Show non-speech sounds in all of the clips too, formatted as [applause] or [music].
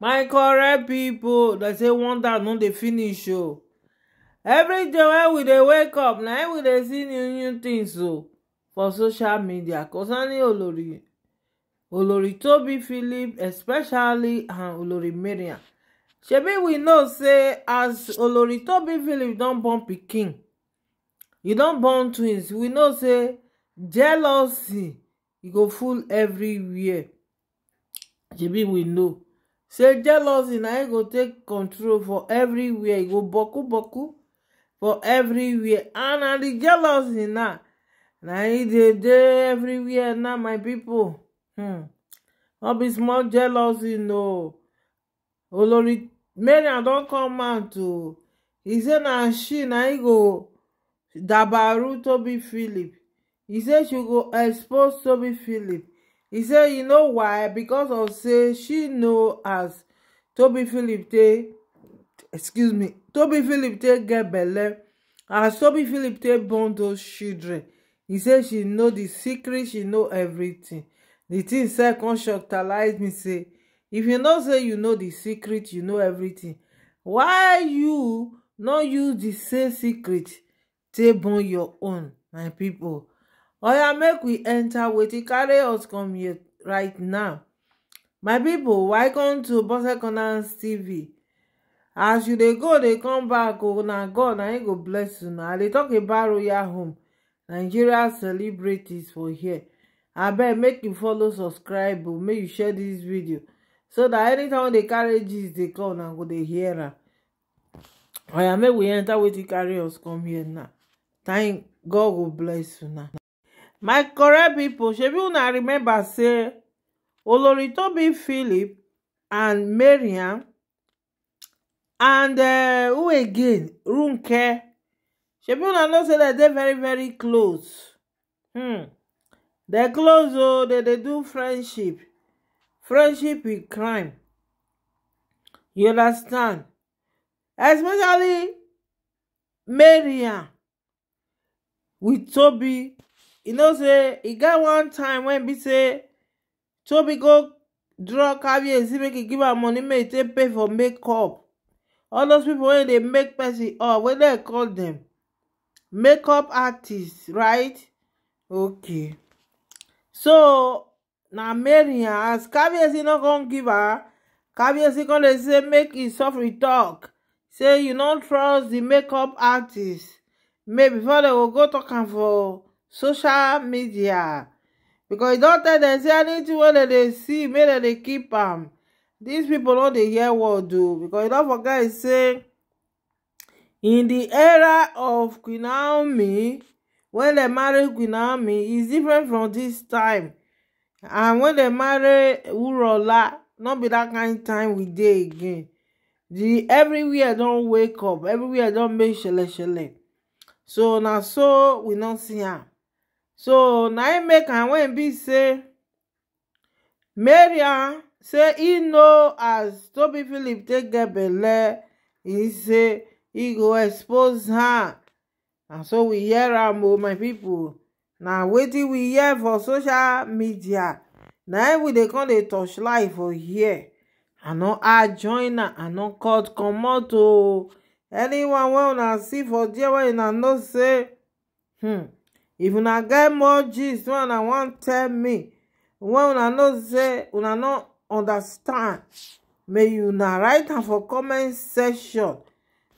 my correct people dem say one wonder no dey finish o every day wey we dey wake up na we dey see new new things o for social media concerning olori olori tobi philip especially and olori mariam shebi we know say as olori tobi philip don born pikin e don born twins we know say jealousy e go full everywhere shebi we know say jealousy na e go take control for everywhere e go boku boku for everywhere and na di jealousy na na e dey dey everywhere Na my pipo hmm no be small jealousy no olori marian don come out to. Oh. He say na she na e go dabaru tobi philip He say she go expose tobi philip He say "You know why Because of say she know as Toby philip take excuse me Toby philip take get belle as Toby philip take born those children He say she know the secret she know everything di tin sef shock talize me say if you know say you know the secret you know everything why you no use the same secret take born your own my people." oya make we enta wetin carry us come here right now my people. welcome to bose corners tv as you they go they come back Oh na god na him go bless you na They dey tok about royal home nigeria celebrities for here I abeg make you follow subscribe o oh, make you share this video so that anytime they carry gist they come and go they hear am oya make we enta wetin carry us come here now thank god go bless you now my correct people, shebi una remember say Olori oloritobi philip and mariam and eh, who again runke shebi una know say dem dey very very close hmm dem close o dem dey do friendship friendship with crime you understand especially mariam with tobi you know say e get one time wen be say Toby go draw caviezi make e give am money make e take pay for makeup all those people wey dey make person up oh, wey dem call dem makeup artist right okay so na mary ah, as caviezi no come give her caviezi come dey say make e suffer e talk say you no trust the makeup artist make before dem go go talk am for social media because e don't tell them say anything wey dem dey see make dem dey keep am um, These people no dey hear word o because you don forget say in the era of queen naomi wen dem marry queen naomi is different from this time and when dem marry urola no be that kind of time we dey again di everywhere don wake up everywhere don make shele shele so na so we no see am so na im make am wen be say maria say e know as toby philip take get belle e say e go expose her and so we hear am o oh, my pipo na wetin we hear for social media na we dey come dey touch life for here i no add join am i no cut comot o oh. anyone wey una see for there wey una know say hmm if una get more gist wey una wan tell me when una know say una no understand may you na write am for comment section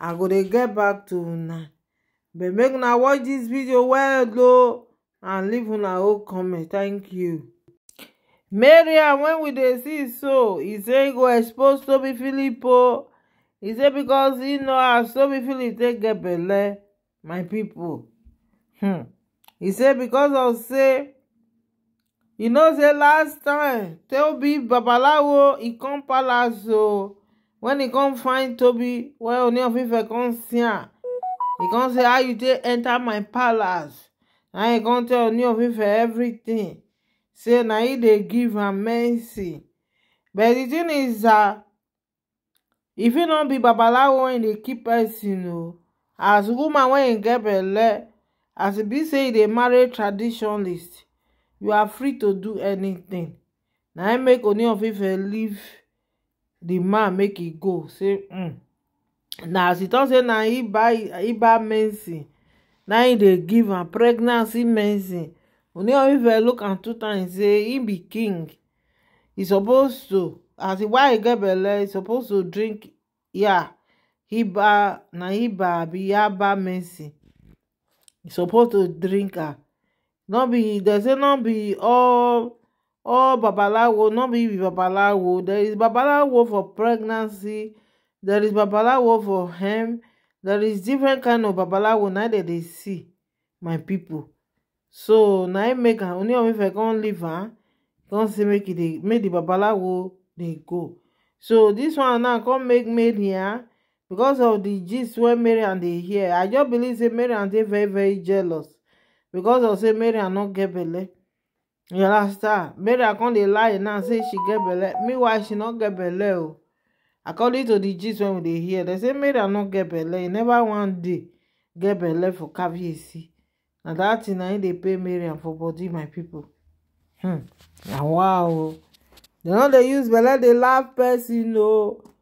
i go dey get back to una but make una watch this video well o and leave una own comment thank you maryam When we dey see so e he say e go expose tobi philip o e say because he know as tobi philip take get belle my people. hmm He said because of say you know say last time Toby babalawo he come palace o wen e come find Toby, wey only of ife come see am come say how you take enter my palace na e come tell oni of for everything say now he dey give him mercy but the thing is that if you no be babalawo wey they keep us, you know, as woman when you get belle as e be say you e dey marry traditionalist you are free to do anything. na im make oni of ife leave the man make e go say mm. na as e talk say na iba medicine na im dey give am pregnancy medicine oni of ife look am two times say im be king e suppose to as e, why e get belle e suppose to drink ya iba na iba abi yaba medicine you suppose to drink am ah. not be dem say no be all all babalawo not be babalawo there is babalawo for pregnancy there is babalawo for him there is different kind of babalawo now that they see my people so now im make am only of Ife come leave am ah. come say make it make the babalawo they go so this one now come make me here because of di gist wey marian they hear i just believe say marian they very very jealous because of say marian not get belle you understand marian con dey lie now say she get belle meanwhile she not get belle o according to the gist when they hear They say marian not get belle e never one day get belle for caviarcy na that's tin na im dey pay marian for body my people. hmm na wow o dem no dey use belle They laugh person know.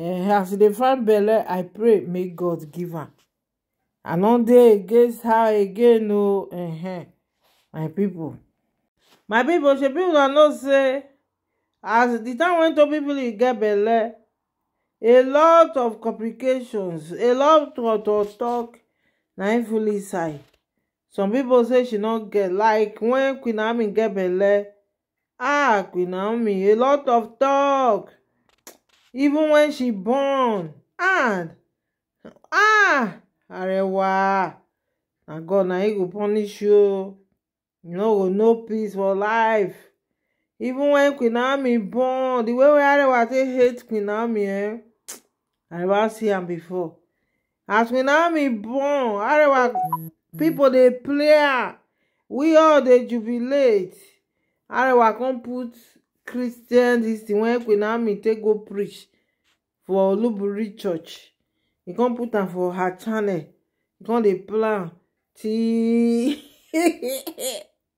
Eh, as the dey find belle i pray may god give her. And no day against her again o -huh. Eh, my people, my people. pipo people pipo know say as the time wen two you get belle a lot of complications a lot of talk Now fully side some people say she not get like when queen Ami get belle ah queen Ami, a lot of talk even when she born and ah arewa na god na him go punish you you no go know peace for life even when queen naomi born the way wey arewa take hate queen naomi eh arewa [tsk] see am before as queen naomi born arewa people dey play am we all dey jubilate arewa come put christianity dis thing wey ekwenami take go preach for oluburi church e come put am for her channel e come dey plan till [laughs]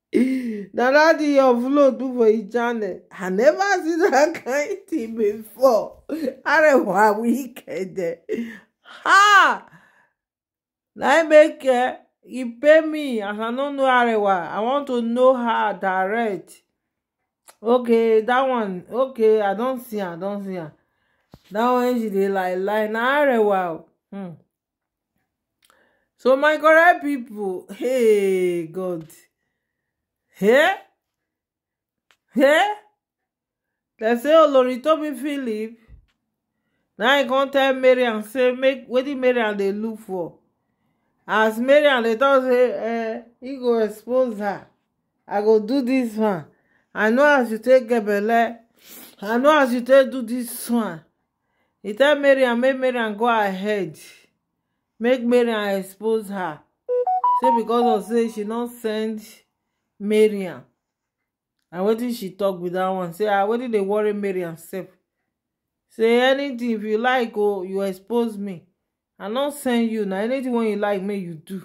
na that day of load do for his e channel i never see that kind thing before arewa wicked ha na e make e pay me as i no know arewa i want to know her direct okay that one okay i don't see her. i don't see her. That one she dey lie lie na arewa o hmm so my correct people. hey god hey hey They say oh, olori me, philip Now e come tell Mary and say make wetin marian they look for as marian they tok say eh he go expose her i go do this one i know as you take get i know as you take do this one e tell marian make marian go ahead make marian expose her say because of say she not send marian and wetin she talk with that one say ah wetin they worry marian sef say anything if you like oh you expose me i not send you now anything when you like make you do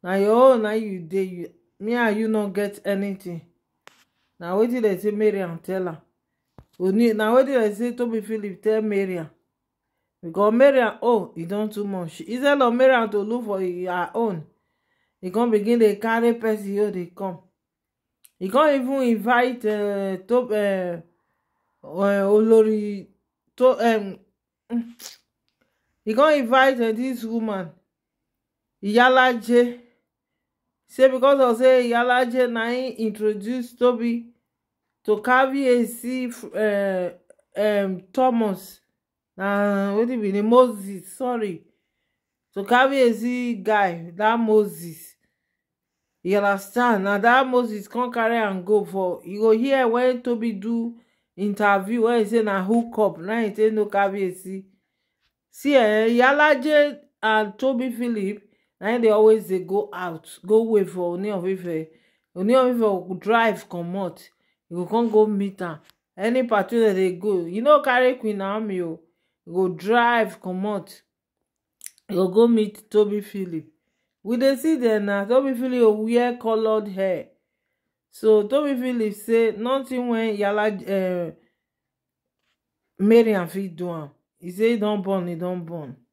na your own na you dey me and you not get anything na wetin dem say mariam tell am na wetin dem say toby philip tell mariam because mariam oh e don too much instead of mariam to look for her own e come begin dey carry person wey dey come e come even invite uh, olori to um e come invite this woman iyalaje say because of say iyalaje na im introduce tobi to caviarcy um, eh, thomas na wetin be name moses sorry to caviarcy guy that moses you understand na dat moses come carry am go for you go hear when Toby do interview When he say na hook up na he say no caviarcy see eh iyalaje and Toby philip na im dey always dey go out go wait for oni of go drive comot e go come go meet am any party dem dey go you no carry queen naomi o oh. e go drive comot e go go meet Toby philip we dey see dem na Toby philip oh, wear coloured hair so Toby philip say nothing wey yala uh, eh, and fit do am e say e don born e don born